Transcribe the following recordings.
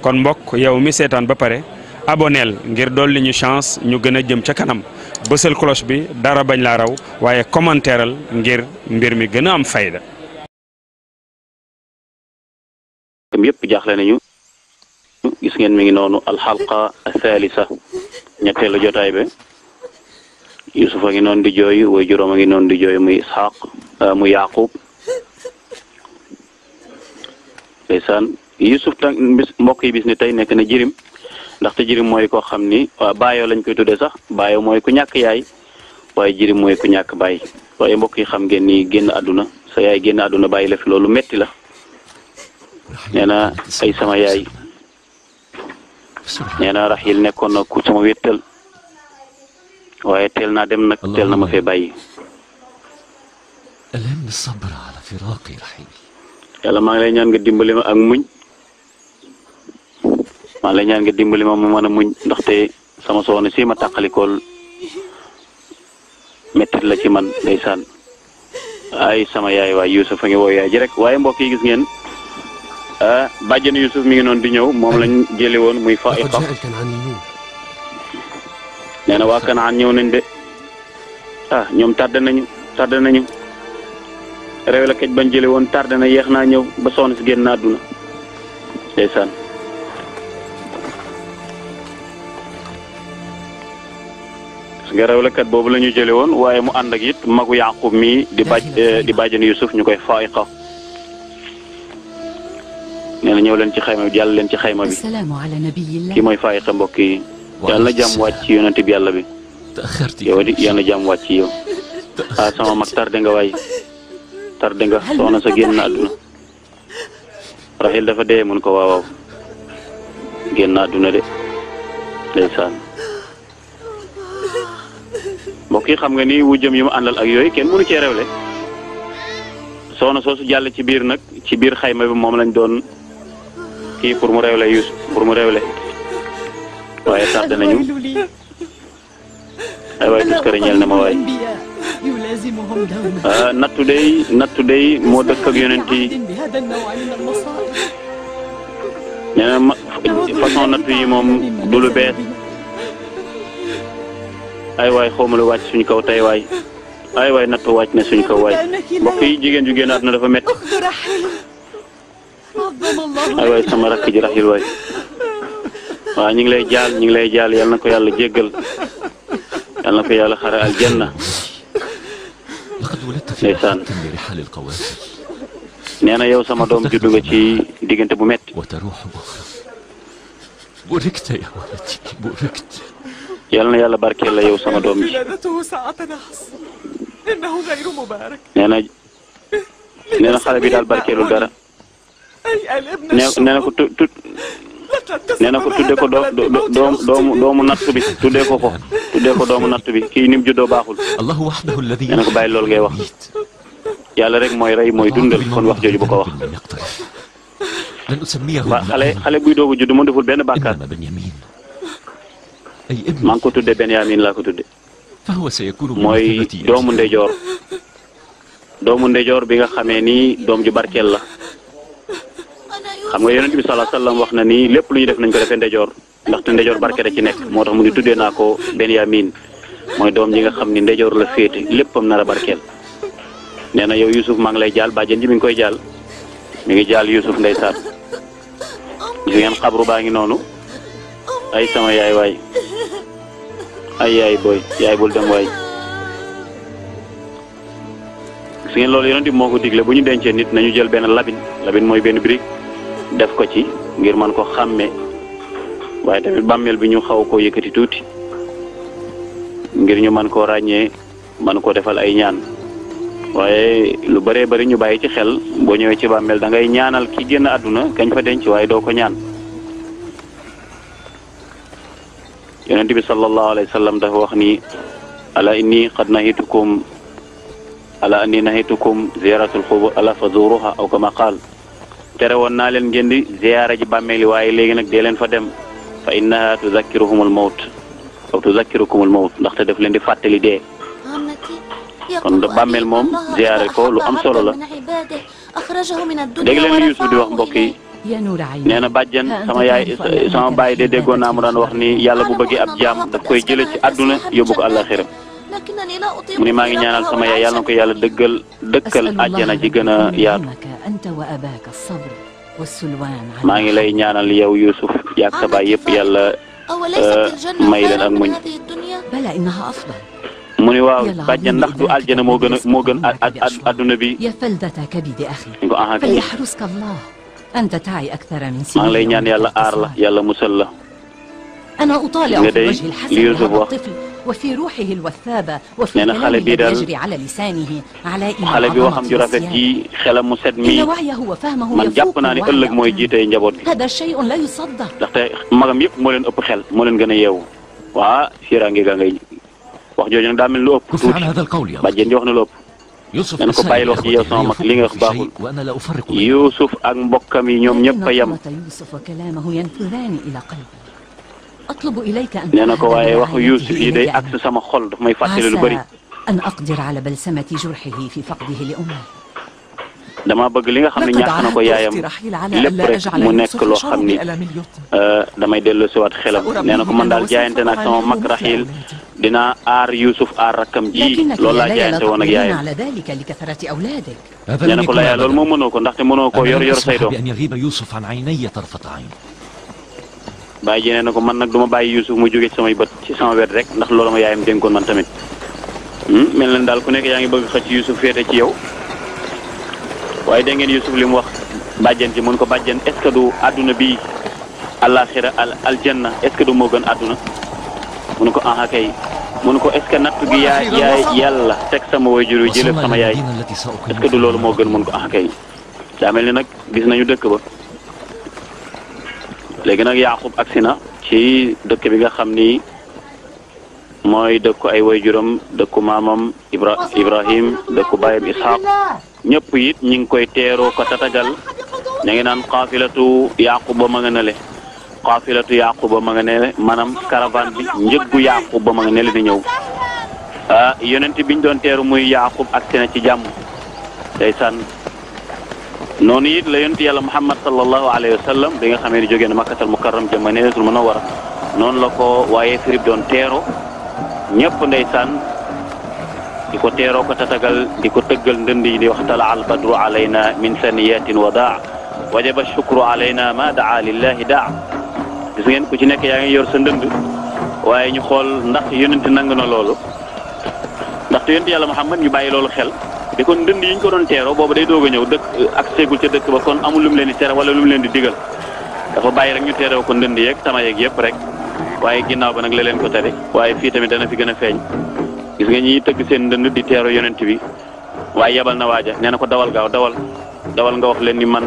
kon mbokk yow mi seetaan ba pare aboneel ngir dolli ñu chance ñu gën a jëm ca kanam bësal cloche bi dara bañ la raw waaye commentaireal ngir mbir mi gën a am fayda. yëpp jaxle nañu gis ngeen mi ngi noonu alxalqa thalitha ñetteelu jotaay be Yuusufa di jooy way a ngi noonu di jooy muy Isxaaq euh, mu Yaaqub ndeysaan Yusuf tam mbokk bis ni tey nekk na jirim ndaxte jirim mooy koo xam ni waa baayoo lañ koy tuddee sax baayoo mooy ku ñàkk yaay waaye jirim mooy ku ñàkk baay waaye mbokk yi xam ngeen ni génn àdduna sa yaay génn àdduna bàyyi la fi loolu metti la nee na ay sama yaay nee na Raxiil nekkoon na ku sama wéttal waaye teel naa dem nag teel na ma fee bàyyi. yàlla nga dimbali ma ak muñ. maa lay ñaan nga dimbali mu mën a muñ ndaxte sama soxna si ma tàqalikool mettit la ci man ndeysaan ay sama yaay waay Youssouf a ngi woo yaay rek waaye mbokk yi gis ngeen bàjjenu Youssouf mi ngi di ñëw moom lañ jële woon muy fa i xam nee waa Kanaan ñëw nañ de ah ñoom tardé nañu tardé nañu réew la kej bañ jële woon tardé na yeex naa ñëw ba soxna si génn àdduna ndeysaan garawlekat boobu lañu ñu jële woon waaye mu ànd ak it magu yaqub mi di baj eh, di bàjjan yusuf ñu koy faayiqa nee na ñëw leen ci xayma bi jàll leen ci xayma bi kii mooy faayiqa mbokk yi yàlla na jàmm wàcc ci yonent bi yàlla bi yow di na jàmm wàcc ci yow ah sama mag tarde nga waay tarde nga soxna sa génn na àdduna raxil dafa dee mun ko waawaaw génn na àdduna de mbokk xam nga ni wu jëm yi mu àndal ak yooyu kenn mënu cee rewle soxna soosu jàll ci biir nag ci biir xayma bi moom lañ doon kii pour mu rewle Youssou mu rewle waaye tardé nañu ay waay tuskare ñeel na ma waay ah, nattu day nattu day moo dëkk ak yonent yi façon nattu yi moom du ay waay xawma la wàcc suñu kaw tey waay ay waay natt wàcc na suñu kaw waay bokk yi jigéen ju génnaat na dafa métti ay waay sama rakk ji raxil waay waaw ñu ngi lay jaal ñu ngi lay jaal yal na ko yàlla jéggal yal na ko yàlla xare aljanna ndeysaan nee na yow sama doom juddu nga ci diggante bu métti. yal na yàlla barkeel la yow sama doom ji na nee xale bi daal barkeelul dara nee nee na ko tu na ko tuddee ko doo doo doomu doomu natt tuddee ko ko tuddee ko doomu natt bi kii ni mu juddoo baaxul nee na ko bàyyi loolu ngay wax yàlla rek mooy rey mooy dundal kon wax jooju bu ko wax. waaw xale xale buy doog judd mu deful benn bàkkaar. maa ngi ko tudde Benyamin laa ko tudde mooy doomu ndejoor doomu ndejoor bi nga xamee ni doom ju barkeel la xam nga yonent bi salaa sallam wax na ni lépp lu def nañ ko defee ndejoor ndaxte ndejoor barke da ci nekk moo tax mu ni tuddee naa ko Benyamin mooy doom ji nga xam ni ndejoor la féete léppam nar a barkeel nee na yow Youssouf maa ngi lay jaal bàjjen ji mi ngi koy jaal mi ngi jaal Youssouf ndeysaan gis ngeen xabru baa ngi noonu ay sama yaay waay ay yaay booy yaay bul dem waay su ngeen loolu yonent bi moo ko digle bu ñu dencee nit nañu jël benn labin labin mooy benn brique def ko ci ngir man ko xàmmee waaye tamit bàmmeel bi ñu xaw koo yëkkati tuuti ngir ñu man koo ràññee man koo defal ay ñaan waaye lu bare bëri ñu bàyyi ci xel boo ñëwee ci bàmmeel da ngay ñaanal ki génn àdduna kañ fa denc waaye doo ko ñaan yonent bi sallallahu alayhi wa sallam dafa wax ni ala inni qad nahitukum ala anni nahitukum ziyaratul xubur ala fa zuruha aw kama qaal tere woon naa leen ngeen di ziyaara ji bàmmeeli waaye léegi nag dee leen fa dem fa innaha tuzakkiruhumul mawt aw tuzakkirukumul mawt ndaxte daf leen di fàttali dee kon da bàmmeel moom ziyaare ko lu am solo la dégg leen li wax mbokk nee na bàjjen sama yaay sama baay de déggoon naa mu daan wax ni yàlla bu bëggee ab jaam daf koy jële ci àdduna yóbbu ko àllaaxira mu ni maa ngi ñaanal sama yaay yàlla na ko yàlla dëggal dëkkal àjjana ji gën a yaatu maa ngi lay ñaanal yow Youssouf yaag sa baay yëpp yàlla euh, may leen ak muñ mu ni waaw bàjjan ndax du àjjana moo gën a moo gën a àdduna bi. أنت تعي أكثر من سنين maa ngi lay ñaan yàlla aar la yàlla musal la. أنا أطالع في وجه الحسن هذا الطفل وفي روحه الوثابة وفي كلامه يجري على لسانه على xale bi waxam ju rafet ji xelam mu set mi. إن وعيه وفهمه man jàpp naa ne ëllëg mooy jiite njaboot bi. هذا شيء لا يصدق. ndaxte magam yëpp moo leen ëpp xel moo leen gën a yeewu. waa Sira ngi gaa ngay wax jooju nag daa mel lu ëpp tuuti bàjjen ji wax na lu ëpp. ngeen ko bàyyiloo wax yow sama mag li nga wax baaxul Youssouf ak mbokkam yi ñoom ñëpp a yem nee na ko waaye waxu Youssouf yi day àgg sama xol daf may fàttali lu bëri. dama bëgg li nga xam ne ñàkk na ko yaayam lépp rek mu nekk loo xam ni damay delloosiwaat xelam nee na ko man daal jaayante na ak sama mag Rahil. dina aar Youssouf aar rakkam ji loolu laa jaayante woon ak yaayam nee na ko la yaay loolu moom mënoo ko ndaxte mënoo ko yor yor say doom bàyyi ji nee na ko man nag du ma bàyyi Youssouf mu jóge ci samay bët ci sama rek ndax loolu ma yaayam dénkoon tamit hmm؟ mel na daal ku nekk yaa ngi bëgg xëcc Youssouf féete ci yow waaye da ngeen wax bàjjen ji mun ko bàjjen est ce àdduna bi àllaaxira al al est ce que moo gën àdduna mun ko ah mun ko est ce que natt gi yaa yaa yàlla teg sama wayjur yi jëlee sama yaay est ce du loolu moo gën mun ko ah kay daa mel ni nag gis nañu dëkk ba léegi nag Yaaqub agsi na ci dëkk bi nga xam ni mooy dëkku ay wayjuram dëkku maamam Ibra Ibrahim dëkku baayam Ishaq ñëpp it ñi ngi koy teeroo ko tatagal ña ngi naan qaafilatu Yaaqub ba ma nga nale xaafilatu yaquba ma nga ne maanaam caravane bi njëggu yaquba ma nga ne la di ñëw ah, yonent biñ doon teeru muy yaqub agsi na ci jàmm ndeysaan noonu it la yonent yàlla muhammad sallallahu alayhi wa sallam bi nga xamee ni jógee na makkatal mukarram jëm madinatul munawwara noonu la ko waaye firib doon teero ñëpp ndeysaan di ko teeroo ko tatagal di ko tëggal ndënd yi di wax tala al badru alayna min saniyatin wadaa wajaba shukru alayna ma daa lillahi daa gis ngeen ku ci nekk yaa ngi yor sa ndënd waaye ñu xool ndax yonent nang na loolu ndaxte yonent xam Muhammad ñu bàyyi loolu xel di kon ndënd yi ñu ko doon teeroo boobu day doog a ñëw dëkk euh, ak seegul ca dëkk ba kon amul lu leen di tere wala lu leen di digal dafa bàyyi rek ñu teeroo ko ndënd yeeg tama yeeg yëpp rek waaye ginnaaw ba nag la leen ko tere waaye fii tamit dana fi gën a feeñ gis nga ñiy tëgg seen ndënd di teeroo yonent wi waaye yebal na waaja nee na ko dawal gaaw dawal dawal nga wax leen man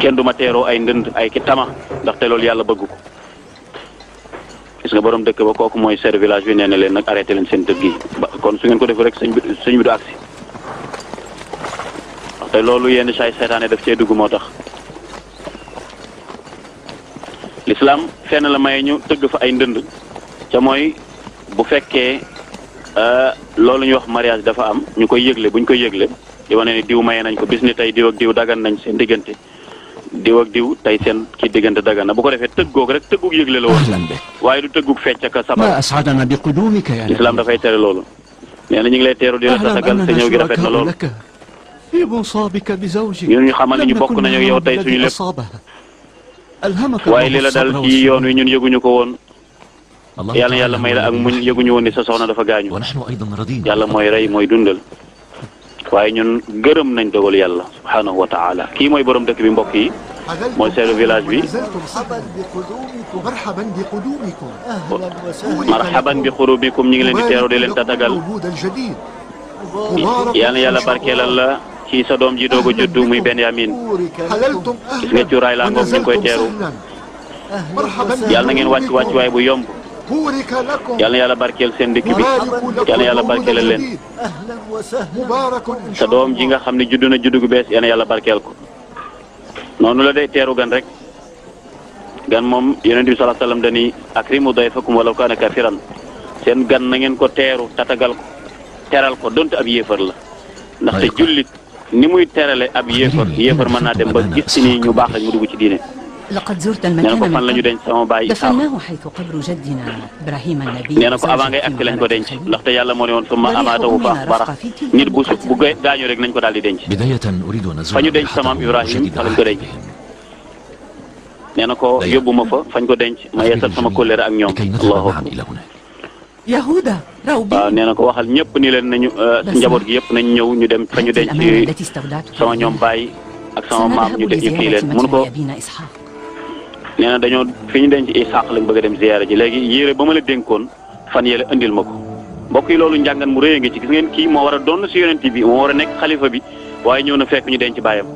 kenn du ma teeroo ay ndënd ay ki tama ndaxte loolu yàlla bëgg ko gis nga borom dëkk ba kooku mooy ser village bi nee na leen nag arrêté leen seen dëkk yi kon su ngeen ko defee rek sëñ bi sëñ bi du agsi ndaxte loolu yenn saay seetaane daf cee dugg moo tax lislaam fenn la may ñu tëgg fa ay ndënd ca mooy bu fekkee euh, loolu ñuy wax mariage dafa am ñu koy yëgle bu ñu koy yëgle di wane diw maye nañ ko bis ni tey diw ak diw dagan nañ seen diggante diw ak diw tey seen ci diggante dagan na bu ko defee tëggoog rek tëggug yëgle la woon waaye du tëggug fecc ak sabar asadana bi qudumika ya islam dafay tere loolu nee na ñu ngi lay teeru di la tasagal te ñëw gi rafet na loolu ñun ñu xamal ni ñu bokk nañu yow tey suñu lépp waaye li la dal ci yoon wi ñun yëguñu ko woon yàlla yàlla may la ak muñ yëguñu woon ni sa soxna dafa gaañu yàlla mooy rey mooy dundal waaye ñun gërëm nañ dogal yàlla subhaanahu taala kii mooy borom dëkk bi mbokk yi mooy seeru village bi marhaban bi xurubikum ñu ngi leen di teeru di leen tatagal yal na yàlla barkeelal la ci sa doom ji doog a juddu muy Benyamin gis nga cuuraay laa ngoog ñu koy teeru yàlla na ngeen wàcc wàcc waay bu yomb yal na yàlla barkeel seen dëkk bi yal na yàlla barkeelal leen sa doom ji nga xam ne judd na juddu gu bees yal na yàlla barkeel ko noonu la day teeru gan rek gan moom yonent bi sallallahu alayhi wasallam dani akrimu dayfakum walaw kaana kafiran seen gan na ngeen ko teeru tatagal ko teral ko donte ab yéefar la ndaxte jullit ni muy terale ab yéefar yéefar mën naa dem ba gis ci ni ñu baax lañ mu dugg ci diine laqad zurta al makaan nee na ko fan la ñu denc sama baay Isaaxa dafannaahu xaytu qabru jaddina Ibrahima nabi nee na ko avant ngay agsi lañ ko denc ndaxte yàlla moo ne woon summa amaatahu fa axbara nit bu bu gaañoo rek nañ ko daal di denc fa ñu denc sama am Ibrahima fa lañ ko denc nee na ko yóbbu ma fa fañ ko denc ma yeesal sama kóllëre ak ñoom allahu yahuda raw bi waaw nee na ko waxal ñëpp ni leen nañu njaboot gi yëpp nañ ñëw ñu dem fa ñu denc sama ñoom baay ak sama maam ñu def ñu kii leen mun ko nee dañoo fi ñu denc Isaaq lañ bëgg a dem ziyaara ji léegi yére ba ma la dénkoon fan yee la indil ma ko mbokk yi loolu njàngan mu rëy ngi ci gis ngeen kii moo war a doon si yonent bi moo war a nekk xalifa bi waaye ñëw na fekk ñu denc baayam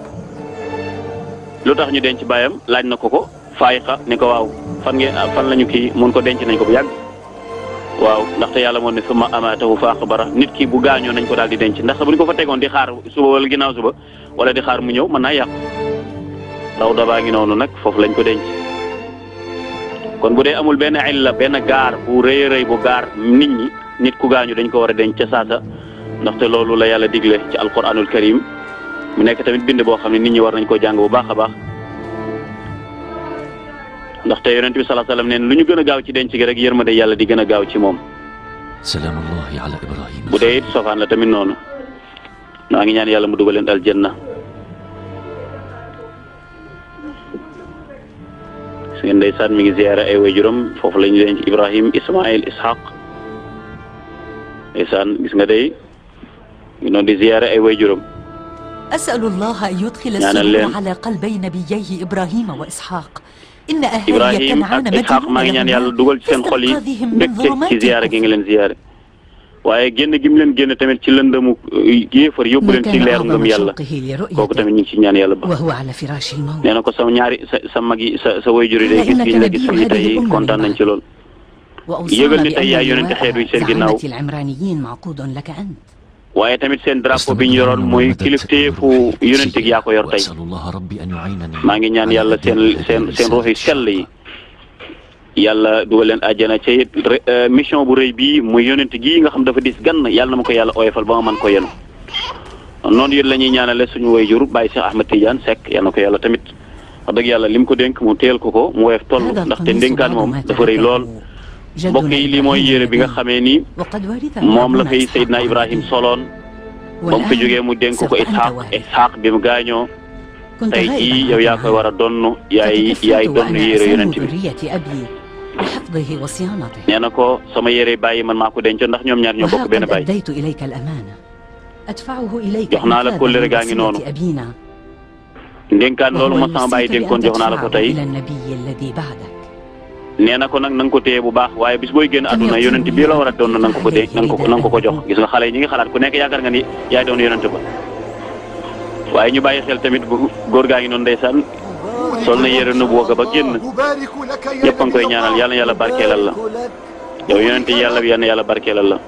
lu tax ñu denc baayam laaj na ko ko xa ne ko waaw fan ngeen fan lañu kii mun ko denc nañ ko bu yàgg waaw ndaxte yàlla moon ne suma amaatahu fa axbara nit ki bu gaañoo nañ ko daal di denc ndax bu ñu ko fa tegoon di xaar suba wala ginnaaw suba wala di xaar mu ñëw mën naa yàqu daw dabaa ngi noonu nag foofu lañ ko denc kon bu dee amul benn illa benn gaar bu rëy rëy bu gaar nit ñi nit ku gaañu dañ ko war a denc ca saasa ndaxte loolu la yàlla digle ci alquranul karim mu nekk tamit bind boo xam ne nit ñi war nañ koo jàng bu baax a baax ndaxte bi salaa salaam neen lu ñu gën a gaaw ci denc gi rek yërmande yàlla di gën a gaaw ci moom. salaamullahi ala Ibrahim. bu dee it sofaan la tamit noonu. maa ngi ñaan yàlla mu dugal leen aljanna gis ngeen ndeysaan mi ngi ziyaare ay waajuram foofu la ñu denc Ibrahim Ismail Ishaq ndeysaan gis nga day ngi noonu di ziyaare ay waajuram asalullaha an yudxila as-surur ala qalbay nabiyayhi Ibrahima wa Ishaq inna ahlal yatanaana Ibrahim ak Ishaq maa ngi ñaan yàlla dugal ci seen xol yi mbégte ci ziyaare gi nga leen ziyaare waaye génn gi mu leen génn tamit ci lëndëmu euh, yéefar yóbbu leen ci leer ngëm yàlla kooku tamit ñu ngi ñaan yàlla ba nee ko sama ñaari sa sa mag yi sa sa way juri day gis giñ la gis fii kontaan nañ ci lool yëgal ni tey yaay yonente xeet wi seen ginnaaw waaye tamit seen drapeau bi ñu yoroon mooy kilifteefu yonente gi yaa ko yor tey maa ngi ñaan yàlla seen seen seen ruux yi yàlla dugal leen àjjana ca it euh, mission bu rëy bii muy yonent gii nga xam dafa dis gan yàlla na ma ko yàlla oyofal ba ma mën ko yenu noonu it la ñuy ñaanale suñu way jur Baye Cheikh Ahmed Tidiane Seck yal na ko yàlla tamit a dëgg yàlla lim ko denk mu teel ko ko mu woyof toll ndaxte ndénkaan moom dafa rëy lool mbokk yi lii mooy yére bi nga xamee ni moom la fay Seydina Ibrahim soloon ba mu fi jógee mu dénk ko Ishaq Ishaq bi mu gaañoo tey jii yow yaa koy war a donn yaay yaay donn yére yonent bi بحفظه وصيانته nee na ko sama yére bàyyi man maa ko dencoon ndax ñoom ñaar ñoo bokk benn bàyyi أديت إليك الأمانة أدفعه إليك jox naa la kóllëre gaa ngi noonu أبينا ndénkaan loolu ma sama bàyyi dénkoon jox naa la ko tey إلى النبي الذي بعدك nee na ko nag na nga ko téye bu baax waaye bis booy génn àdduna yonent la war a doon na nga ko ko dee na nga na nga ko ko jox gis nga xale yi ñu ngi xalaat ku nekk yaakaar nga ni yaay doon yonent ba waaye ñu bàyyi xel tamit bu góor gaa ngi noonu ndeysaan sol na yére nu booga ba génn ñëpp a ngi koy ñaanal yàlla na yàlla barkeelal la yow yàlla bi yàlla na yàlla barkeelal la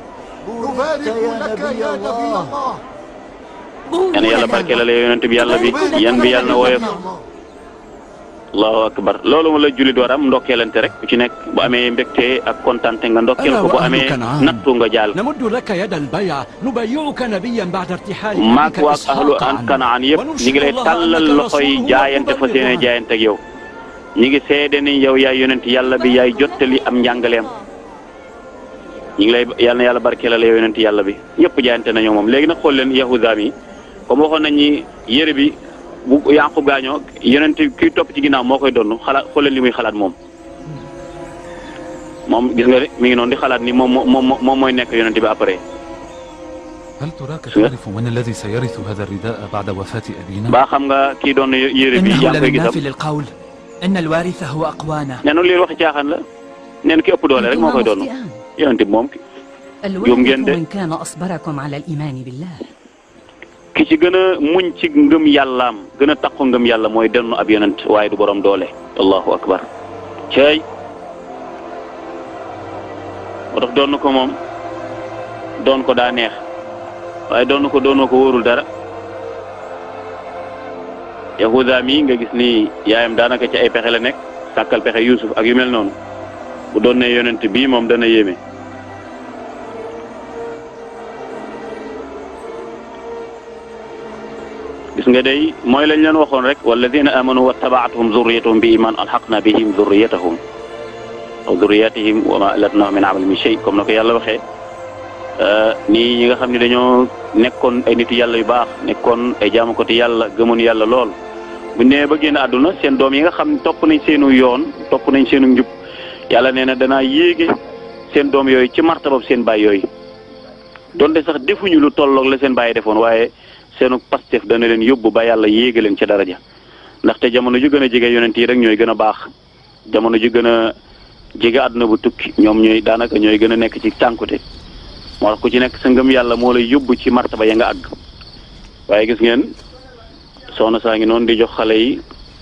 yàlla na yàlla bi yan bi yàlla na woyof allahu akbar loolu mu la jullit war am ndokkeelante rek ku ci nekk bu amee mbégte ak kontante nga ndokkeel ko bu amee nattu nga jaal maak waak ahlu an kanaan yëpp ñi ngi lay tàllal loxoy jaayante fa seen jaayante ak yow ñi ngi seede ni yow yaay yonent yàlla bi yaay jottali am njàngaleem ñi ngi lay yal na yàlla barkeelal yow yonent yàlla bi ñëpp jaayante nañoo moom léegi nag xool leen yahuda mi comme waxoon nañ ni yére bi bu Yaaqub gaañoo yonent kiy topp ci ginnaaw moo koy donn xalaat xoolal li muy xalaat moom moom gis nga de mi ngi noonu di xalaat ni moom moom moom mooy nekk yonent bi après. ba xam nga kii doon yére bi yaa ngi koy gisam. nee na lii waxi caaxaan la nee na ki ëpp doole rek moo koy doon yonent bi moom. juum ngeen de. ki ci gën a muñ ci ngëm yàllaam gën a takku ngëm yàlla mooy dennu ab yonent waaye du borom doole allahu akbar cey moo tax doon ko moom doon ko daa neex waaye doon ko doonoo ko wërul dara yahuda mi nga gis ni yaayam daanaka ci ay pexe la nekk sàkkal pexe yusuf ak yu mel noonu bu doon ne yonent bii moom dana yéeme gis nga day mooy lañ leen waxoon rek walladina amanu wattabaatuhum zurriyatuhum bi iman alxaqna bihim zurriyatahum wa zurriyatihim wa ma alatnahum min amal min shay comme na ko yàlla waxee nii ñi nga xam ne dañoo nekkoon ay nit yàlla yu baax nekkoon ay jaamukati yàlla gëmoon yàlla lool bu nee ba génn àdduna seen doom yi nga xam ne topp nañ seenu yoon topp nañ seenu njub yàlla nee na danaa yéege seen doom yooyu ci martabab seen baay yooyu donte sax defuñu lu tolloog la seen baay seenu pastef dana leen yóbbu ba yàlla yéega leen dara ja ndaxte jamono ju gën a jege yonent yi rek ñooy gën a baax jamono ju gën a jege àdduna bu tukki ñoom ñooy daanaka ñooy gën a nekk ci tànkute moo tax ku ci nekk sa ngëm yàlla moo lay yóbbu ci martaba ya nga àgg waaye gis ngeen soona saa ngi noonu di jox xale yi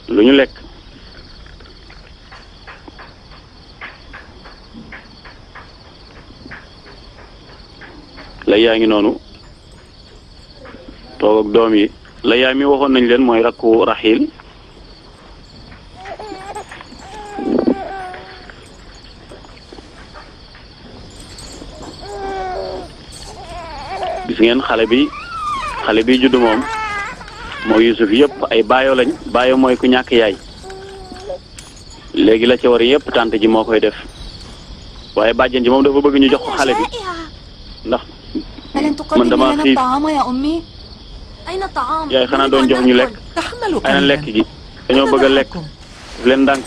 lu ñu lekk lay yaa ngi noonu toog ak doom yi la yaay mi waxoon nañ leen mooy rakku raxiil gis ngeen xale bi xale bi juddu moom moo yusuf yëpp ay baayo lañ bayo mooy ku ñàkk yaay léegi la ci war yëpp tante ji moo koy def waaye bàjjen ji moom dafa bëgg ñu jox ko xale bi ndax man dama xiif yaay xanaa doon jox ñu lekk ana lekk gi dañoo bëgg a lekk daf leen ndànk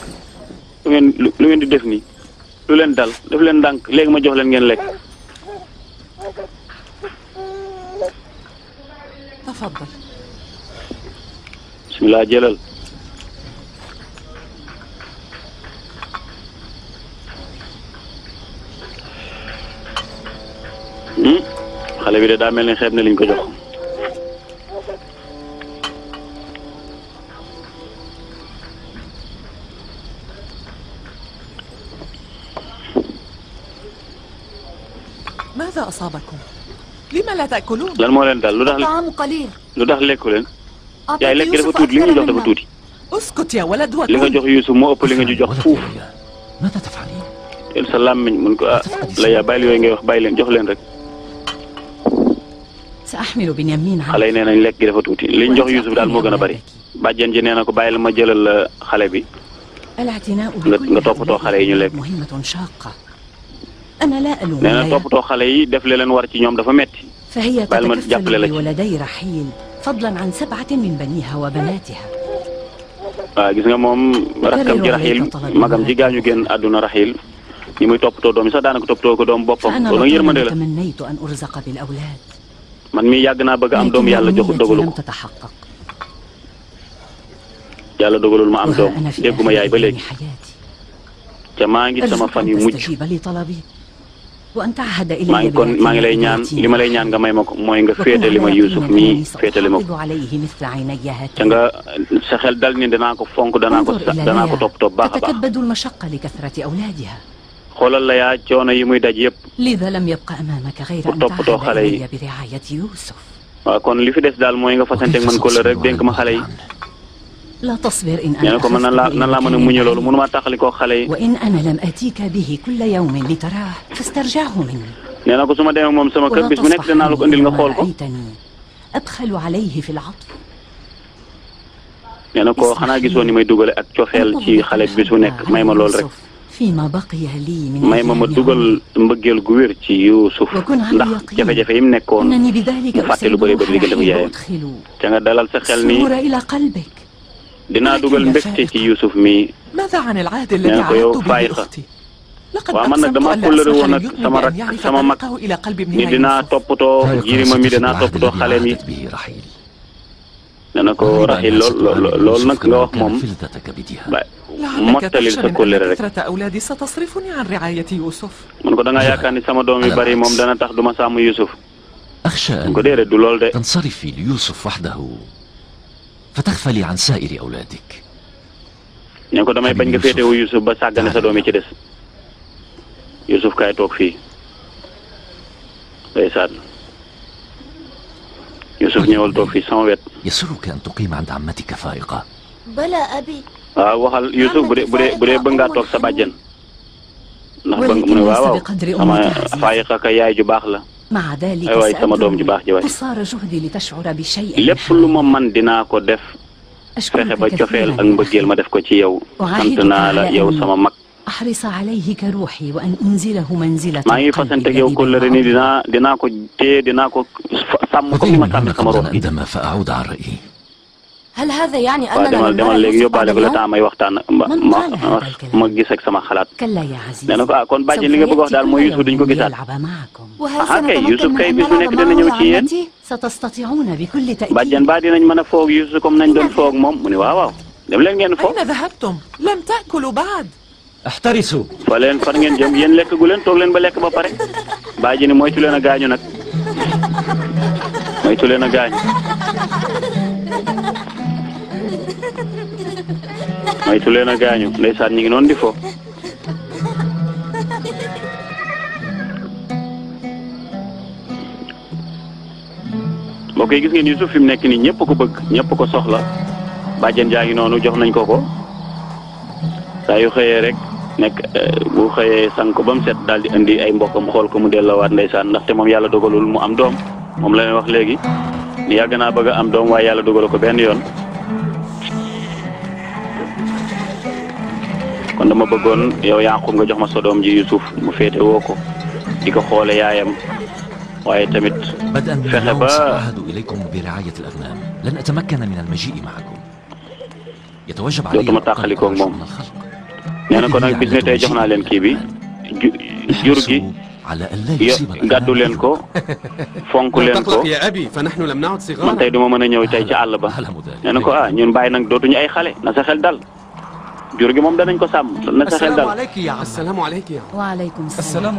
lu ngeen di def nii lu leen dal daf leen ndànk léegi ma jox leen ngeen lekk tafaddal jëlal hmm? xale bi de daa mel ni xeeb na liñ ko jox ماذا أصابكم؟ لما لا تأكلون؟ lan moo leen dal lu tax الطعام قليل lu tax lekku leen yaay lekk dafa tuuti li ñu jox dafa tuuti اسكت يا ولد وكل li nga jox Yuusuf moo ëpp li nga ñu jox fuuf ماذا تفعلين؟ sa làmmiñ mun ko ah la yaa bàyyi yooyu ngay wax bàyyi leen jox leen rek سأحمل بنيامين xale yi nee nañ lekk gi dafa tuuti li ñu jox Yuusuf daal moo gën a bari bàjjen ji nee na ko bàyyi la ma jëlal xale bi nga toppatoo xale yi ñu lekk nee na toppatoo xale yi def li leen war ci ñoom dafa metti bàyyil ma jàppale la ci waaw gis nga moom rakkam ji Raxiil magam ji gaañu génn àdduna Raxiil ni muy toppatoo doom yi sax daanaka toppatoo ko doom boppam loolu nag yërmande la man mii yàgg naa bëgg a am doom yàlla joxu dogalu ko yàlla dogalul ma am doom dégguma yaay ba léegi te maa ngi sama fan yu mujj maa ngi lay ñaan li ma lay ñaan nga may ma ko mooy nga féetali ma Youssouf mii féetali ma ko te nga sa xel dal ni danaa ko fonk danaa ko sa danaa ko toppatoo baax a baax. xoolal la yaa coono yi muy daj yëpp. pour toppatoo xale yi. waaw kon li fi des daal mooy nga fasanteeg man ko la rek dénk ma xale yi. la tasbir in ana ko man nan laa nan laa mën a muñe loolu mënumaa taxali koo xale yi wa in ana lam atika bihi kulla yawmin li tarah fastarja'hu minni nee na ko su ma demee moom sama kër bis bu nekk danaa la ko indil nga xool ko adxalu alayhi fi al-'atf nee na ko xanaa gisoo ni may dugale ak cofeel ci xale bi bis bu nekk may ma lool rek may ma ma dugal mbëggeel gu wér ci Yuusuf ndax jafe-jafe yi mu nekkoon mu fàtte lu bëri bëri liggéey dafa yaayam te nga dalal sa xel ni dinaa dugal mbégte ci Youssouf mi nee ko yow Faayixa waaw man nag dama kóllëre woon ak sama rak sama mag ni dinaa toppatoo jirima mi dinaa toppatoo xaleem yi nee na ko Rahil lool lool nag nga wax moom ba mottalil sa kóllëre rek mun ko da ngaa yaakaar ni sama doom yu bari moom dana tax du ma sàmm Youssouf mun ko déedéet du lool de. فتغفلي عن سائر أولادك ne ko damay bañ nga féetewu Youssouf ba sàggane sa doom yi ci des Youssouf kaay toog fii ndeysaan Youssouf ñëwal toog fii sama wet. يسرك أن تقيم عند عمتك فائقة. بلى waaw waxal Youssouf bu dee bu toog sa bàjjen. ndax bëgg mu ne waaw waaw faayiqa ka yaay ju baax la. aywaay sama doom ju baax ji waay lépp lu ma man dinaa ko def fexe ba cofeel ak mbëggeel ma def ko ci yow sant naa la yow sama mag maa ngi fasante ak yow kóllëre ni dinaa dinaa ko téye dinaa ko sàmm ko fi ma sàmm sama rox bi hal hada yani annana demal léegi yóbbaale ko le temps may waxtaan ma ma gis ak sama xalaat nee na ko ah kon bàjjen li nga bëgg wax daal mooy Youssouf duñ ko gisaat ah, ah kay Youssouf kay bis bu nekk dana ñëw ci yéen bàjjen ba dinañ mën a foog Youssouf comme nañ doon foog moom mu ne waaw waaw dem leen ngeen foog. axtarisu. fa leen fan ngeen jëm yéen lekk gu leen toog leen ba lekk ba pare bàjjen moytu leen a gaañu nag moytu leen a gaañu. moytu leen a gaañu ndeysaan ñi ngi noonu di fo mbokk gis ngeen Youssouf fi mu nekk nii ñëpp ko bëgg ñëpp ko soxla bàjjen jaa noonu jox nañ ko ko saa yu xëyee rek nekk eh, bu xëyee sang ko ba mu set daal di indi ay mbokkam xool ko mu delloowaat ndeysaan ndaxte moom yàlla dogalul mu am doom moom la wax léegi ni yàgg naa bëgg a am doom waaye yàlla dogal ko benn yoon. kon dama bëggoon yow Yaaqub nga jox ma sa doom ji Yusuf mu féete woo ko di ko xoole yaayam waaye tamit fexe ba dootuma tàqalikoog moom nee na ko nag bis ne tey jox naa leen kii bi jur gi gàddu leen ko fonk leen ko man tey du ma mën a ñëw tey ci àll ba nee ko ah ñun bàyyi nag dootuñu ay xale na sa dal jur gi moom danañ ko sàmm. na sa xel dal asalaamaaleykum waaleykum salaam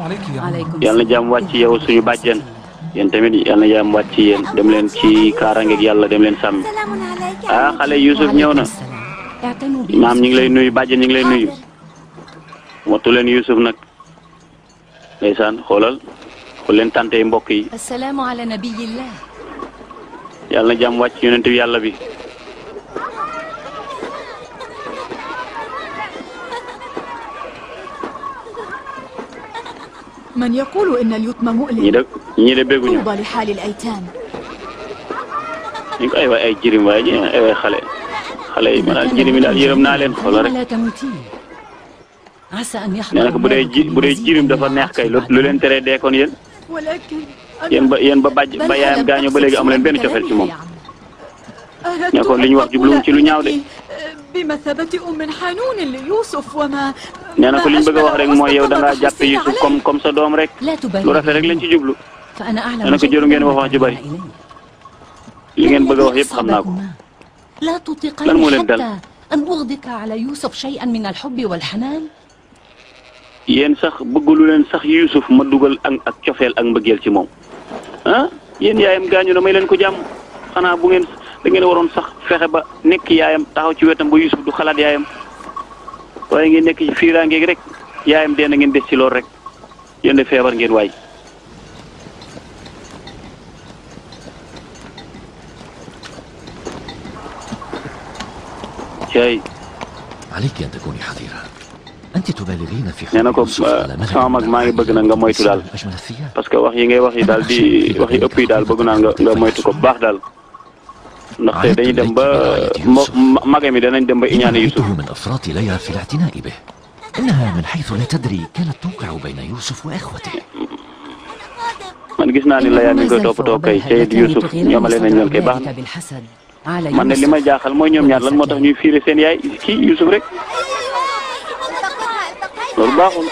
yal yow suñu bàjjen yéen tamit yal na jàmm wàcc ci yéen dem leen ci kaaraangeeg yàlla dem leen sàmm ah xale Youssouf ñëw na maam ñu ngi lay nuyu bàjjen ñu ngi lay nuyu motu leen Youssouf nag ndeysaan xoolal xool leen tante yi mbokk yi. yal na jàmm wàcc yonent yàlla bi. من يقول إن اليتم مؤلم طوبى لحال الأيتام ñu ko ay waay ay jirim waay ay waay xale xale yi ma daal jirim yi daal yërëm naa leen xoolal rek nee na ko bu dee ji bu dee jirim dafa neex kay lu leen teree dee kon yéen yéen ba yéen ba bàjj ba yaayam gaañoo ba léegi amu leen benn cofeel ci moom ne ko li ñu wax jubluwuñ ci lu ñaaw de. بمثابة أم حنون ليوسف وما nee na ko li ñu bëgg a wax rek mooy yow da ngaa jàppe Youssouf comme comme sa doom rek lu rafet rek lañ ci jublu nee na ko jëru ngeen wax wax ju bari li ngeen bëgg a wax yëpp xam naa ko lan moo leen dal yéen sax bëggulu leen sax Youssouf ma dugal ak ak cofeel ak mbëggeel ci moom ah yéen yaayam gaañu na may leen ko jàmm xanaa bu ngeen da ngeen waroon sax fexe ba nekk yaayam taxaw ci wetam ba Yuusuf du xalaat yaayam waaye ngeen nekk ci fiiraangeeg rek yaayam dee ngeen des ci loolu rek yéen feebar ngeen waay. jaay. عليك أن تكوني حذرة أنت تبالغين في nee na ko sama mag maa ngi bëgg na nga moytu daal parce que wax yi ngay wax yi daal di wax yi ëpp yi daal bëgg naa nga nga moytu ko bu baax daal. ndaxte dañuy dem ba euh, magam yi danañ dem ba iñaane Yusuf man gis naa ni Layla mi ngi koy toppatoo kay Seyid Yusuf ñoomale nañ leen kay baax na man na li ma jaaxal mooy ñoom ñaar lan moo tax ñuy fiire seen yaay kii Yusuf rek loolu baaxul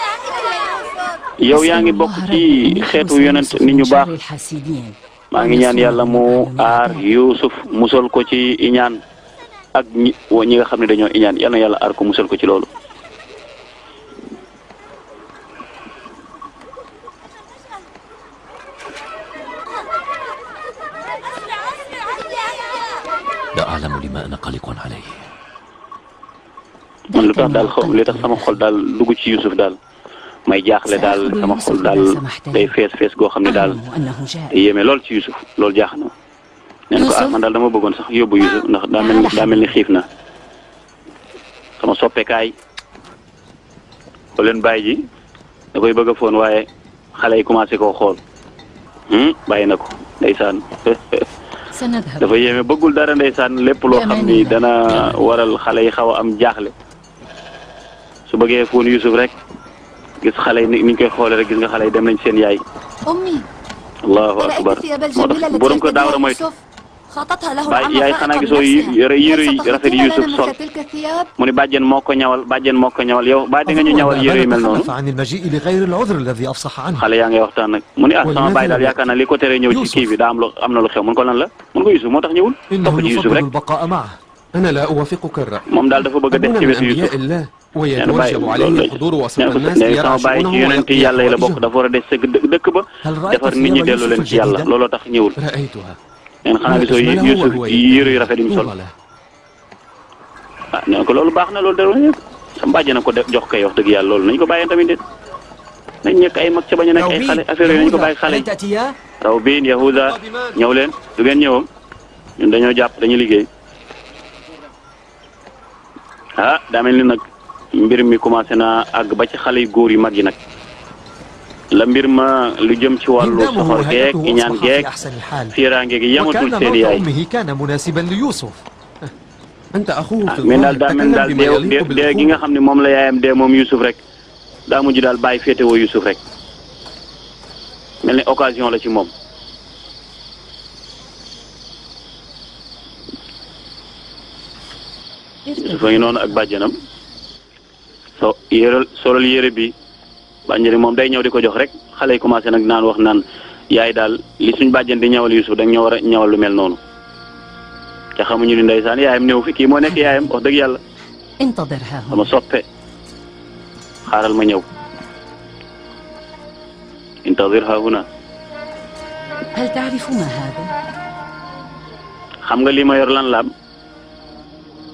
yow yaa ngi bokk ci xeetu yonent nit ñu baax. maa ngi ñaan yàlla mu aar Yuusuf musal ko ci iñaan ak ñi nga xam ne dañoo iñaan yal yàlla aar ko musal ko ci loolu. man lu tax daal xaw li tax sama xol daal dugg ci Yuusuf daal. may jaaxle daal sama xol daal day fees fees goo xam ne daal day lool ci Youssouf loolu jaax na neen ko ah man daal dama bëggoon sax yóbbu Youssouf ndax daa mel ni daa mel ni xiif na sama soppekaay ba leen bàyyi ji da koy bëgg a foon waaye xale yi commencé koo xool hmm, bàyyi na ko ndeysaan dafa yéeme bëggul dara ndeysaan lépp loo xam ni dana waral xale yi xaw a am jaaxle su bëggee foon Youssouf rek gis xale yi ni ñu koy xoolee rek gis nga xale yi dem nañ seen yaay. ummi. allahu akbar moo tax borom ko daawara mooy. bàyyi yaay xanaa gisoo yére yére yu rafet Yusuf sol mu ni bàjjen moo ko ñawal bàjjen moo ko ñawal yow bàyyi di nga ñu ñawal yére yu mel noonu xale yaa ngay waxtaan nag mu ni ah sama bàyyi daal yaakaar naa li ko teree ñëw ci kii bi daa am lu am na lu xew mun ko lan la mun ko Yusuf moo tax ñëwul topp ci Yusuf rek. moom daal dafa bëgg a def ci wetu Yuusuf nee na bàyyi loolu la ñu ne ne sama bàyyi ci yonent yàlla yi la bokk dafa war a des sa dëkk ba defar nit ñi dellu leen ci yàlla looloo tax ñëwul. neen xanaa gisoo Yuusuf yére yu rafet yi mu sol ah nee ko loolu baax na lool delloo ñëpp sama bàjj na ko jox kay wax dëgg yàlla loolu nañ ko bàyyeen tamit de nañ nekk ay mag ca bañ a nekk ay xale affaire yooyu nañ ko bàyyi xale yi raw biin yahuda ñëw leen du ngeen ñëwam ñun dañoo jàpp dañu liggéey ah daamel ni nag mbir mi commencé na àgg ba ci xale yu góor yu mag yi nag la mbir ma lu jëm ci wàllu soxor geeg ñaan geeg fiiraange gi yamatul seen yaay. ah mais daal daa mel daal dee dee gi nga xam ne moom la yaayam dee moom Youssouf rek daa mujj daal bàyyi féetewoo Youssouf rek mel ni occasion la ci moom. dafa ngi noonu ak bàjjanam so yéeral solal yére bi bàjjan moom day ñëw di ko jox rek xale yi commencé nag naan wax naan yaay daal li suñ bàjjan di ñawal Yuusuf danga war a ñawal lu mel noonu te xamuñu ni ndeysaan yaayam néew fi kii moo nekk yaayam wax dëgg yàlla dama soppe xaaral ma ñëw intadir huna xam nga lii ma yor lan laam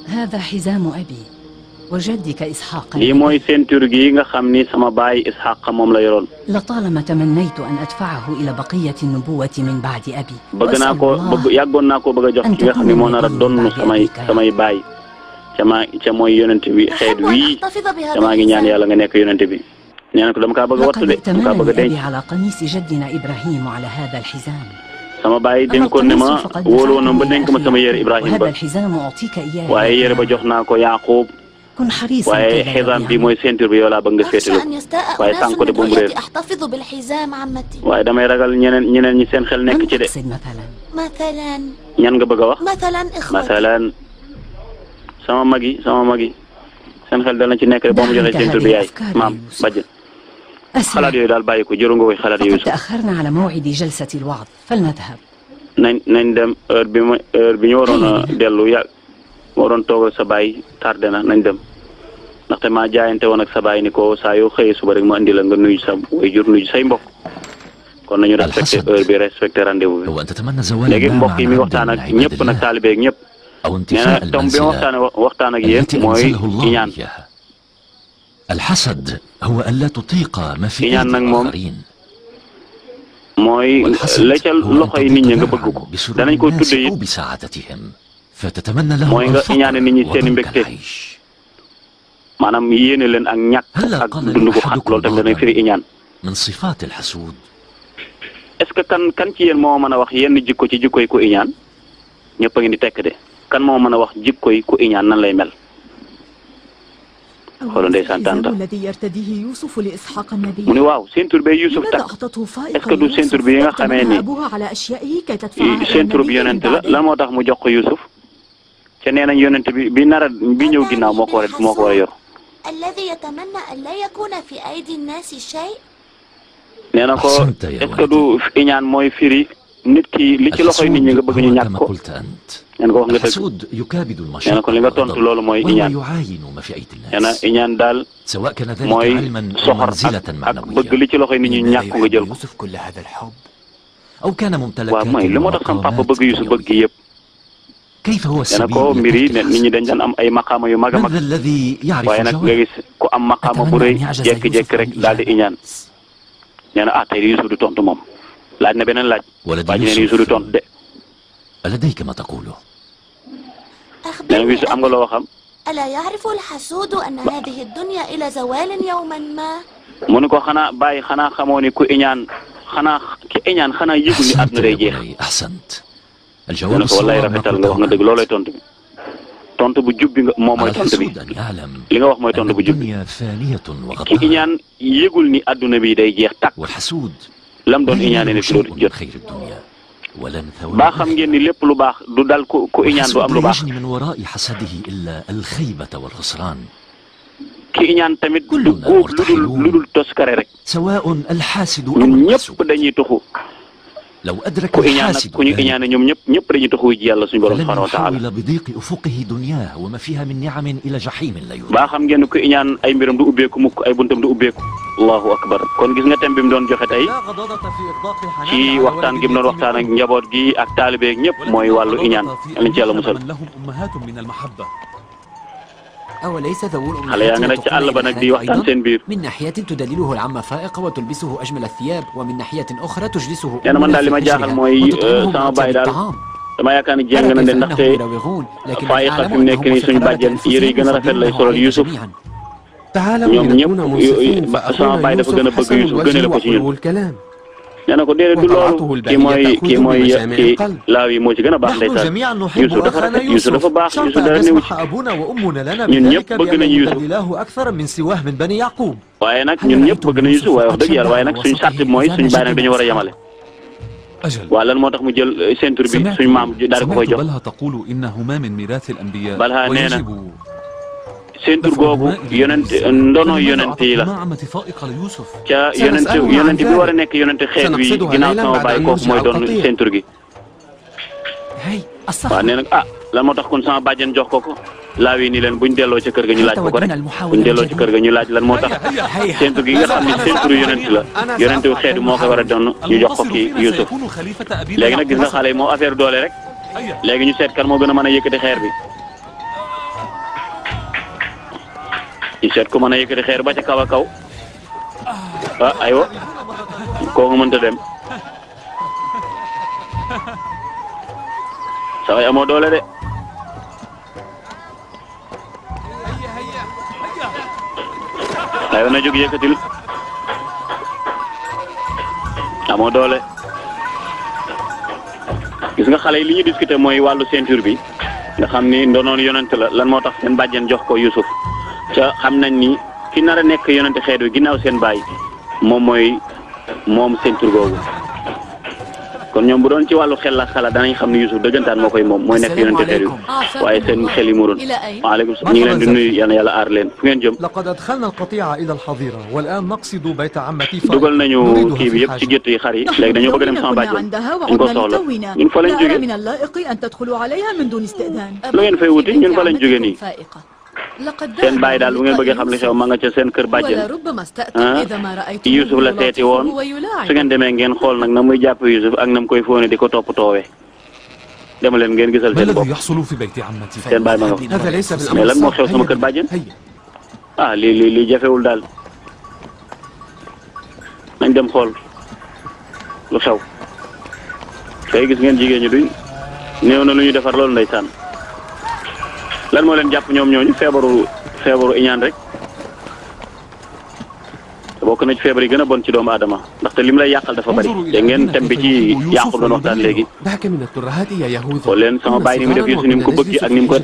هذا حزام أبي وجدك إسحاق lii mooy ceinture gi nga xam ni sama baay Isxaaq moom la yoroon لطالما تمنيت أن أدفعه إلى بقية النبوة من بعد أبي bëgg naa ko bëgg yàggoon naa ko bëgg a jox ki nga xam ne moo nar a donn samay samay baay ca maa ca mooy yonent bi xeet wii ca maa ngi ñaan yàlla nga nekk yonent bi nee na ko dama kaa bëgg a wattu de dama kaa bëgg a denc sama bàyyi dénkoon ne ma wóoloo na ba dénk ma sama yére Ibrahima ba waaye yére ba jox naa ko Yaaqub waaye xizaam bi mooy ceinture bi yow laa bëgg nga féetale ko waaye sànq de bu mu réer waaye damay ragal ñeneen ñeneen ñi seen xel nekk ci de ñan nga bëgg a wax ma sama mag yi sama mag yi seen xel dal na ci nekk de boo mu joxee ceinture bi yaay maam xalaat yooyu daal bàyyi ko jëru nga koy xalaat yooyu. faqad ta'axxarnaa ala maw'idi jalsati al-wa'd falnadhhab. nañ dem heure bi ma bi ñu waroon dellu yàgg waroon toog ak sa baay tardé na nañ dem ndaxte maa jaayante woon ak ni ko saa yoo xëyee suba rek ma indi la nga nuyu sa waajur nuyu say mbokk. kon nañu respecté heure bi respecté rendez-vous bi léegi mbokk yi mi waxtaanak ak ñëpp nag taalibe ak ñëpp nee na tom bi waxtaan waxtaan ak yéen mooy ñaan. هو ألا تطيق مفيدة الآخرين mooy la ca loxo yi nit ñi nga bëgg ko danañ koy tudde it mooy nga ñaane nit ñi seen i mbégte maanaam yéene leen ak ñàkk ak dund gu xat loolu tamit danañ firi iñaan est-ce que kan kan ci yéen moo mën a wax yenn jikko ci jikko yi ku iñaan ñëpp a ngi di tekk de kan moo mën a wax jikko ku iñaan nan lay mel xoolal ndeysaan tànta mu ne waaw ceinture bi Youssouf takk est-ce que du ceinture bi yi nga xamee ni ceinture bi yonent la lan moo tax mu jox ko Youssouf ca nee nañ yonent bi bi nar a bi ñëw ginnaaw moo ko war a moo ko war a yor. nee na ko est-ce que du iñaan mooy firi nit ki li ci loxoy nit ñi nga bëgg ñu ñàkk ko. nee na ko wax nga dëgg nee na kon li nga tontu loolu mooy iñaan nee na iñaan daal mooy soxor ak ak bëgg li ci loxoy nit ñi ñàkk nga jël ko waaw mooy li moo tax sama papa bëgg Yuusuf bëgg yëpp. nee na ko mbir yi nit ñi dañ daan am ay maqaama yu mag a mag waaye nag nga gis ku am maqaama bu rëy jékki-jékki rek daal di iñaan nee na ah tey Yuusuf du tontu moom laaj na beneen laaj. waa ji nee na Yuusuf du tontu de. ينبغي أم لو خم ألا يعرف الحسود أن هذه الدنيا إلى زوال يوما ما من كو خنا باي خنا خموني كو إنيان خنا كي إنيان خنا يجو لي أدنى ريجيخ أحسنت الجواب والله رفتال لو دغ لولاي تونت بي تونت بو جوب بي مو موي تونت بي ليغا واخ موي تونت بو جوب كي إنيان يجو لي أدنى بي داي جيخ تاك والحسود lam doon iñaane ne ci loolu jot baa xam ngeen ni lépp lu baax du dal ku ku iñaan du am lu baax ki iñaan tamit du góob lu dul lu dul toskare rek ñun ñëpp dañuy tuxu law adraka ku iñaana ku ñu iñaana ñoom ñëpp ñëpp dañuy taxawu ji yàlla suñu borom subhanahu wa taala bi diqi ufuqihi dunyaah wa ma fiha min niamin ila jahimin la baa xam ngeen ku iñaan ay mbiram du ubbeeku mukk ay buntam du ubbeeku allahu akbar kon gis nga thème bi mu doon joxe tey ci waxtaan gi mu doon waxtaan ak njaboot gi ak taalibe ak ñëpp mooy wàllu iñaan lañ ci yàlla musal أوليس ذوو الأمهات يقومون بإعلان من ناحية تدلله العمة فائق وتلبسه أجمل الثياب ومن ناحية أخرى تجلسه أمنا في رجلها وتطعمه مرتب الطعام dama yaakaar ni jàng na de ndaxte fayi xa fi mu nekk nii suñu bàjjen yére yi gën a rafet lay solal Youssouf ñoom ñëpp sama baay dafa gën a bëgg Youssouf gënale ko ci ñun nee na ko déedéet du loolu kii mooy kii mooy kii laaw yi moo ci gën a baax ndeysaan Yuusuf dafa rafet Yuusuf dafa baax Yuusuf dara néew ci ñun ñëpp bëgg nañu Yuusuf waaye nag ñun ñëpp bëgg nañu Yuusuf waaye wax dëgg yàlla waaye nag suñ sart bi mooy suñ bàyyi nag dañu war a yemale waaw lan moo tax mu jël euh, ceinture bi suñ maam daal di ko koy jox Balha nee na seen tur googu yonent ndono yonent yi la ca yonent yonent bi war a nekk yonent xeet wi ginnaaw sama baay kooku mooy doon seen tur gi. waaw nee na ah lan moo tax kon sama bàjjen jox ko ko laaw yi nii leen buñ delloo ca kër ga ñu laaj ko ko rek buñ delloo ca kër ga ñu laaj lan moo tax seen gi nga xam ne seen turu yonent la yonent wu xeet moo ko war a doon ñu jox ko kii Youssouf léegi nag gis na xale yi moo affaire doole rek léegi ñu seet kan moo gën a mën a yëkkati xeer bi. ci seet ku mën a yëkkati xeer ba ca kaw a kaw ah aywa koo nga mënta dem saa yi amoo doole de aywa na jóg yëkkatil amoo doole gis nga xale yi li discuter mooy wàllu ceinture bi nga xam ni ndonoon yonent la lan moo tax seen bàjjen jox ko Youssouf. ca xam nañ ni ki nara a nekk yonente xeet wi ginnaaw seen baay moom mooy moom seen tur googu kon ñoom bu doon ci wàllu xel la xalaat danañ xam ne Yuusuf dëggantaan moo koy moom mooy nekk yonente xeet wi waaye seen xel yi mu doon waaleykum salaam ñu ngi leen di nuyu yal na yàlla aar leen fu ngeen jëm dugal nañu kii bi yëpp ci gétt yi xar yi léegi dañoo bëgg a sama bàjjen dañ ko soxla ñun fa lañ jógee lu ngeen fa lañ jógee nii seen bàyyi daal bu ngeen bëggee xam li xew ma nga ca seen kër bàjjen Youssouf la seeti woon su ngeen demee ngeen xool nag na muy jàpp Youssouf ak na koy fóone di ko topp toowee dema leen ngeen gisal seen bopp seen bàyyi ma nga fa mais lan moo xew sama kër bàjjen ah lii lii lii jafewul daal nañ dem xool lu xew tey gis ngeen jigéen ñi duñ néew na lu ñuy defar loolu ndeysaan lan moo leen jàpp ñoom ñooñu feebaru feebaru iñaan rek bokk na ci feebar yi gën a bon ci doomu aadama ndaxte lim lay yàqal dafa bari te ngeen tem bi ci yàqu doon waxtaan léegi xool leen sama bàyyi ni mu def Yuusu ni mu ko bëgg ak ni mu ko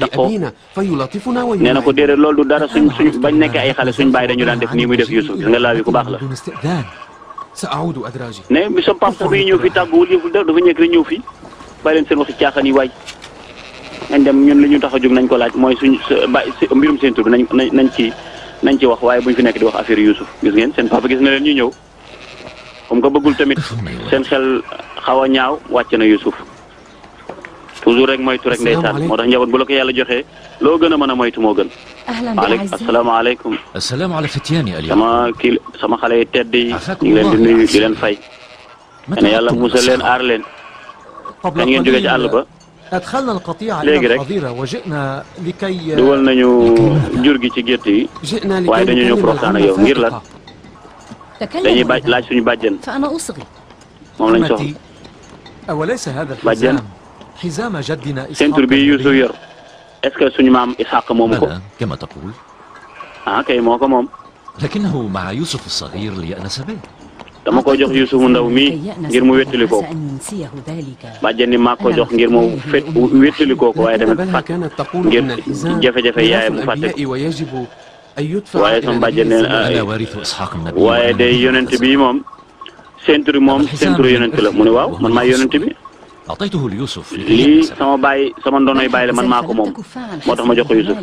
déedéet loolu du dara suñ suñ bañ nekk ay suñ bàyyi dañu daan def nii muy def yi ku baax la ne sa papa bi ñëw fi tàgguwul yëful def dafa ñekk rek ñëw fi bàyyi leen seen waxi caaxaan waay nañ dem ñun li tax a jóg nañ ko laaj mooy suñ ba mbirum seen tur nañ nañ ci wax waaye buñ fi nekk di wax affaire Youssouf gis ngeen seen papa gis na leen ñu ñëw comme que bëggul tamit seen xel xaw a ñaaw wàcc na Youssouf toujours rek moytu rek ndeysaan moo tax njaboot bu la ko yàlla joxee loo gën a mën moytu moo gën. maaleykum asalaamaaleykum. sama kii sama xale yi tedd yi ñu ngi leen di nuyu di leen fay. yàlla musal leen aar leen. kañ ngeen jógee ci àll ba. adxalna alqati'a ila alhadira wa ji'na likay dugal nañu jur gi ci gétt yi waaye dañu ñëw pour waxtaan ak yow ngir lan dañuy bàj laaj suñu bàjjen moom lañ soxla awalaysa hada bàjjen xizama jaddina ceinture bi Yuusuf yor est-ce que suñu maam Isxaaq moomu ko kama taqul ah kay moo ko moom lakinahu ma'a Yuusuf as-saghir li yanasa bihi dama ko jox Yuusufu ndaw mi ngir mu wettali ko bàjjen ni maa ko jox ngir mu fet wettali ko ko waaye tamit fàtt ngir jafe-jafe yaay mu fàtte ko waaye sama bàjjen ne waaye day yonent bi moom centre moom centre yonent la mu ne waaw man maa yonent bi أعطيته ليوسف لي sama baay sama ndoonoy baay la man maa ko moom moo tax ma jox ko Youssouf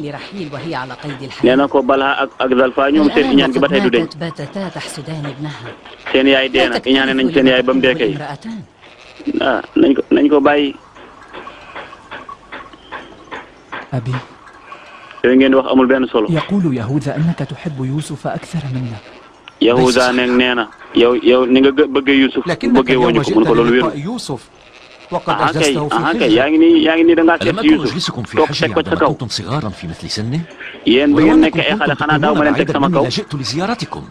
nee na ko Balha ak ak Zalfa ñoom seen iñaan gi ba tey du deñ seen yaay dee na iñaane nañ seen yaay ba mu dee kay ah nañ ko nañ ko bàyyi. abi. yooyu ngeen di wax amul benn solo. yaqulu Yahuuda annaka tuhibbu Yuusufa akthara minna. Yahuuda nee na yow yow ni nga bëggee Yuusuf bëggee woo ñu ko mun ko loolu wéru. وقد أها كي يعني يعني دا نغا سيت يوسف توك شك كو تكاو كنتم صغارا في مثل سني ين بغير نك اي خلق انا داوما انتك سمكو جئت لزيارتكم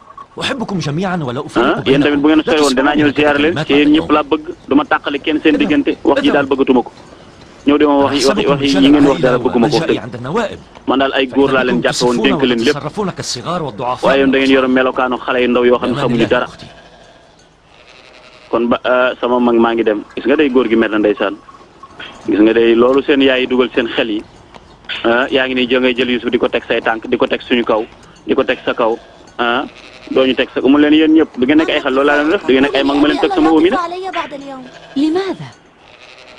أحبكم جميعا ولا أفرق بينكم yéen tamit bu ngeen a soriwoon danaa ñëw ziar leen ci yéen ñëpp laa bëgg du ma tàqale kenn seen diggante wax ji daal bëggatuma ko ñëw di ma wax wax wax yi ngeen wax dara bëgguma ko dëgg man daal ay góor laa leen jàppe woon dénk leen lépp waaye yéen da ngeen yor melokaanu xale yu ndaw yoo xam ne xamuñu dara kon ba ah, sama mag maa ngi dem gis nga day góor gi mel na ndeysaan gis nga dey loolu seen yaay yi dugal seen xel yi ah, yaa ngi nii jë ngay jël Yuusuf di ko teg say tànk di ko teg suñu kaw di ko teg sa kaw ah doo ñu teg sa leen yéen ñëpp du ngeen nekk ay xel loolu laa leen def du ngeen nekk ay mag ma leen teg sama omi na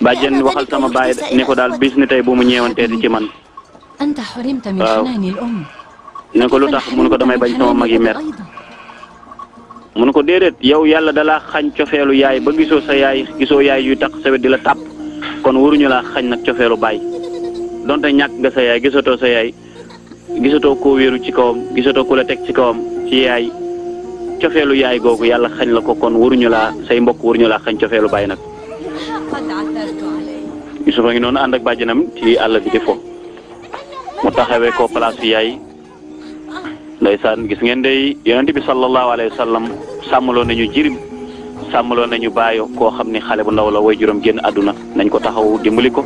bàjjen sama baay ne ko daal bis ni tey bu mu ñeewanteeti ci man waaw ko lu tax mënu ko damay bañ sama mag yi mer mu ne ko déedéet yow yàlla dala xañ cofeelu yaay ba gisoo sa yaay gisoo yaay yuy tax sa wet di la tàpp kon waruñu laa xañ nag cofeelu baay donte ñàkk nga sa yaay gisatoo sa yaay gisatoo koo wéeru ci kawam gisatoo ku la teg ci kawam ci yaay cofeelu yaay googu yàlla xañ la ko kon waruñu laa say mbokk waruñu la xañ cofeelu baay nag Yusufa ngi noonu ànd ak bàjjanam ci àll bi di fo mu taxawee ko place yaay ndeysaan gis ngeen day yonent bi sallallahu alayhi wa sallam sàmmaloo nañu jirim sàmmaloo nañu baayo koo xam ni xale bu ndaw la way juróom génn àdduna nañ ko taxaw dimbali ko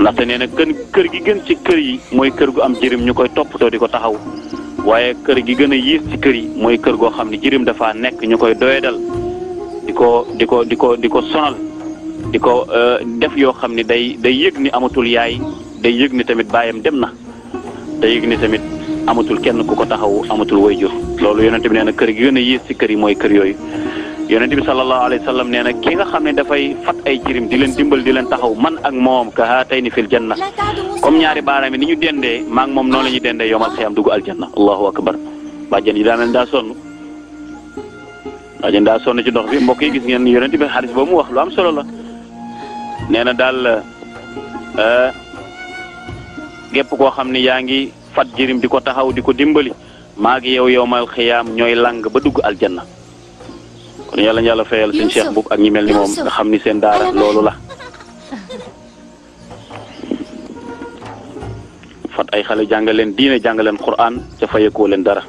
ndaxte nee na kën kër gi gën ci kër yi mooy kër gu am jirim ñu koy toppatoo di ko taxaw waaye kër gi gën a yiis ci kër yi mooy kër goo xam ne jirim dafa nekk ñu koy doyadal di ko di ko di ko di ko sonal di ko euh, def yoo xam ne day day yëg ni amatul yaay day yëg ni tamit baayam dem na day yëg ni tamit amatul kenn ku ko taxaw amatul wayjur loolu yonent bi nee na kër gi gën a yées kër yi mooy kër yooyu yonent bi sallallahu alayhi wa sallam nee na ki nga xam ne dafay fat ay jirim di leen dimbal di leen taxaw man ak moom ka haatayni fil janna comme ñaari baaraam yi ni ñu dendee maa moom noonu la ñuy dendee yomal xiyam dugg aljanna allahu akbar bàjjen yi daa mel daa sonn bàjjen daa sonn ci dox bi mbokk yi gis ngeen yonent bi xaalis boobu mu wax lu am solo la nee na daal euh, gépp koo xam ne yaa ngi fat jirim di ko taxaw di ko dimbali maag ngi yow yowmal xiyaam ñooy lang ba dugg aljanna kon yàlla yàlla fayal seen seex boobu ak ñi mel ni moom nga xam ni seen daara loolu la fat ay xale jàngal leen diine jàngal leen quraan ca fayekoo leen dara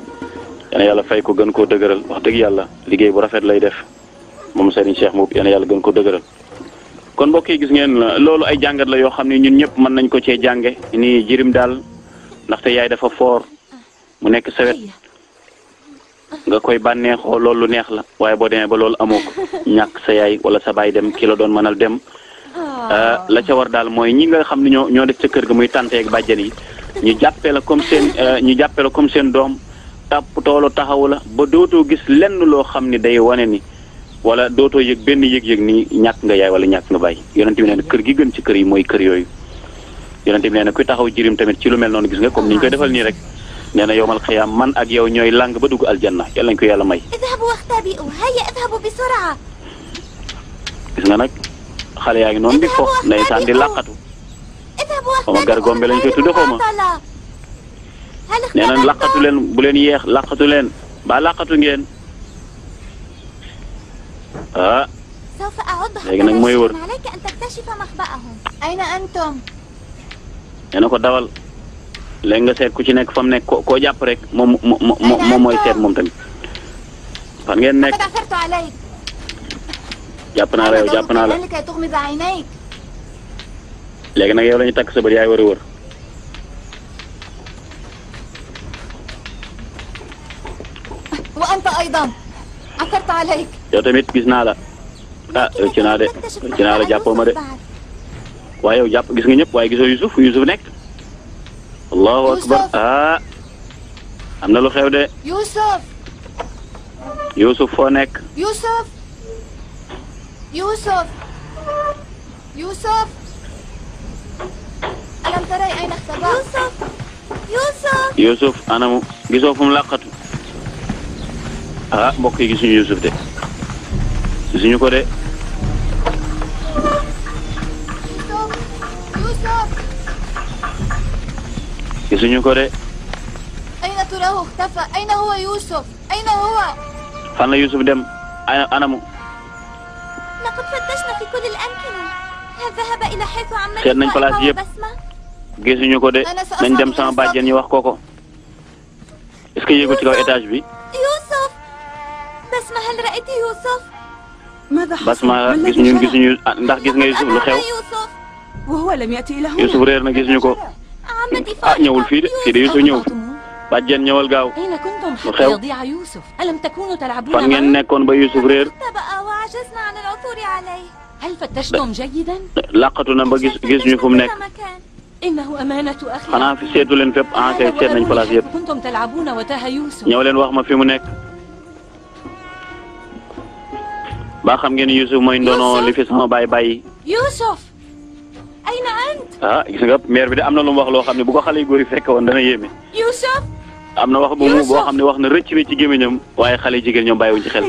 yéen yàlla fay ko gën koo dëgëral wax dëgg yàlla liggéey bu rafet lay def moom Serigne Cheikh Mboup yéen yàlla gën ko dëgëral kon mbokk yi gis ngeen loolu ay jàngat la xam ne ñun ñëpp mën nañ ko cee jànge ni jirim daal ndaxte yaay dafa foor mu nekk sa nga koy bànneexoo loolu lu neex la waaye boo demee ba loolu amoo ko ñàkk sa yaay wala sa baay dem ki doon mënal dem ah. euh, la ca war daal mooy ñi nga xam ne ñoo ñoo def ca kër ga muy tante ak bàjjan yi ñu jàppee la comme seen euh, ñu jàppee comme seen doom tàpp toolu taxaw la ba dootoo gis lenn loo xam ni day wane ni wala dootoo yëg benn yëg-yëg ni ñàkk nga yaay wala ñàkk nga baay yonent bi neen kër gi gën ci kër yi mooy kër yooyu yonent bi nee na kuy taxaw jirim tamit ci lu mel noonu gis nga comme ni ñu koy defal nii rek nee na yowmal man ak yow ñooy làng ba dugg aljanna yàlla nañ ko yàlla may gis nga nag xale yaa ngi noonu di fo ndeysaan di oh. làqatu xaw ma gargombe lañ koy tudde xaw ma nee na làqatu leen bu leen yeex làqatu leen ba làqatu ngeen ah léegi nag mooy nee ko dawal léegi nga seet ku ci nekk fa mu nekk ko koo jàpp rek moom moom mooy seet moom tamit fan ngeen nekk jàpp naa la yow jàpp naa la léegi nag yow la ñu takk sa bët yaay war a wër yow tamit gis naa la ah rëcc naa de rëcc naa la jàppoo ma de waaye yow jàpp gis nga ñëpp waaye gisoo Youssouf fu Youssouf nekk. allahu akbar ah. am na lu xew de. Youssouf. Youssouf foo nekk. Youssouf. Youssouf. Youssouf. alam taray ayna sabaa. Youssouf. Youssouf. Youssouf anamu gisoo fu mu làqatu. ah mbokk yi gisuñu Youssouf de. gisuñu ko de. gisuñu ko de. ay na turaahu tafa ay na huwa Yusuf ay na huwa. fan la Yusuf dem anamu. laqad fattashna fi kulli al-amkina hal dhahaba ila haythu amman seet nañ place yëpp gisuñu ko de nañ dem sama bàjjen yi wax kooko est-ce que yéegul ci kaw étage bi. Yusuf Basma hal ra'ayti Yusuf. Basma gisuñu gisuñu ah, ndax gis nga Yusuf lu xew. Youssouf réer na gis ñu ko ah ñëwul fii de fii de Youssouf ñëw bàjjen ñëwal gaaw lu xew fan ngeen nekkoon ba Youssouf réer laqatu na ba gis gis ñu fu mu nekk xanaa fi seetu leen fépp ah kay seet nañ place yëpp ñëw leen wax ma fi mu nekk. ba xam ngeen Youssouf mooy ndono li fi sama baay bàyyi. Youssouf. ay na ant ah gis nga maire bi de am na lu wax loo xam ne bu ko xale yu góor yi fekk woon dana am na wax bu mu boo xam ne wax na rëcc na ci gémmiñam waaye xale yu jigéen ñoom bàyyiwuñ ci xel.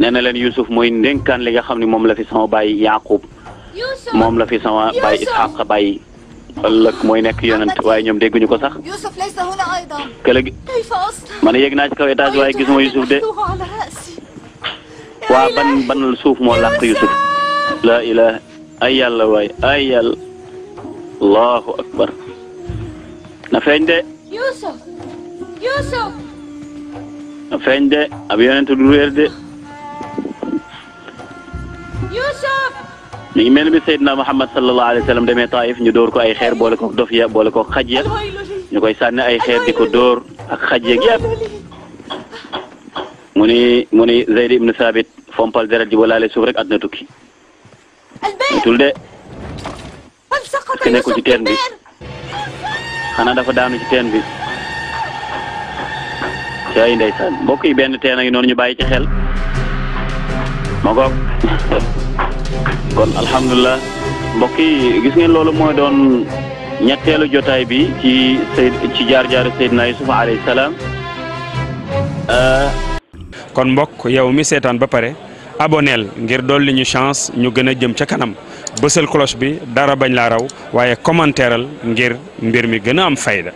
nee na leen Youssouf mooy ndénkaan li nga xam ne moom la fi sama bàyyi Yaaqub. moom la fi sama bàyyi Isxaaq bàyyi. ëllëg mooy nekk yonent waaye ñoom dégguñu ko sax. kële gi man yéeg naa ci kaw étage waaye gisuma Youssouf de. waa ban ban suuf moo làq Youssouf. la ilaha ay yàlla waay ay yàlla allahu akbar na feeñ de yusuf du réer de yusuf mi ngi mel bi Seydina Muhammad sallallahu alayhi ñu dóor ko ay xeer boole ko dof boole ko xaj ñu koy sànni ay xeer di ko dóor ak xaj yeeg yëpp mu ni mu ni fompal deret ji walaale suuf rek àdduna tukki tutul de parce que nekkul ci teen bi xanaa dafa daanu ci teen bi caay ndeysaan mbokk yi benn teen a ngi noonu ñu bàyyi ci xel ma ko kon alhamdulilah mbokk yi gis ngeen loolu mooy doon ñetteelu jotaay bi ci Seyd ci jaar-jaaru Seydina Yusufa alayhi salaam euh, kon mbokk yow mi seetaan ba pare aboneel ngir dolli ñu chance ñu gën a jëm ca kanam bësal cloche bi dara bañ la raw waaye commentéeral ngir mbir mi gën a am fayda